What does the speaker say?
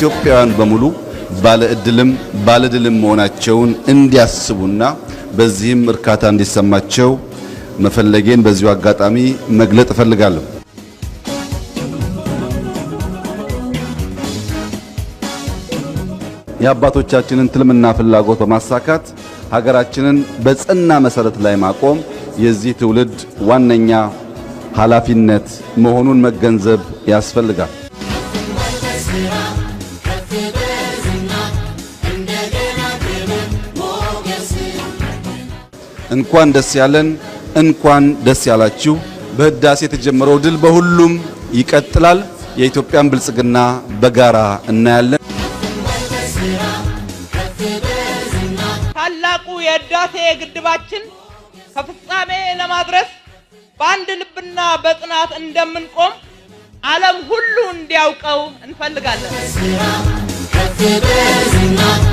ኢትዮጵያውያን በሙሉ ባለ እድልም ባለ ድልም መሆናቸውን እንዲያስቡና በዚህም እርካታ እንዲሰማቸው መፈለጌን በዚሁ አጋጣሚ መግለጥ እፈልጋለሁ። የአባቶቻችንን ትልምና ፍላጎት በማሳካት ሀገራችንን በጽና መሰረት ላይ ማቆም የዚህ ትውልድ ዋነኛ ኃላፊነት መሆኑን መገንዘብ ያስፈልጋል። እንኳን ደስ ያለን፣ እንኳን ደስ ያላችሁ። በህዳሴ የተጀመረው ድል በሁሉም ይቀጥላል። የኢትዮጵያን ብልጽግና በጋራ እናያለን። ታላቁ የህዳሴ ግድባችን ከፍጻሜ ለማድረስ በአንድ ልብና በጽናት እንደምንቆም ዓለም ሁሉ እንዲያውቀው እንፈልጋለን።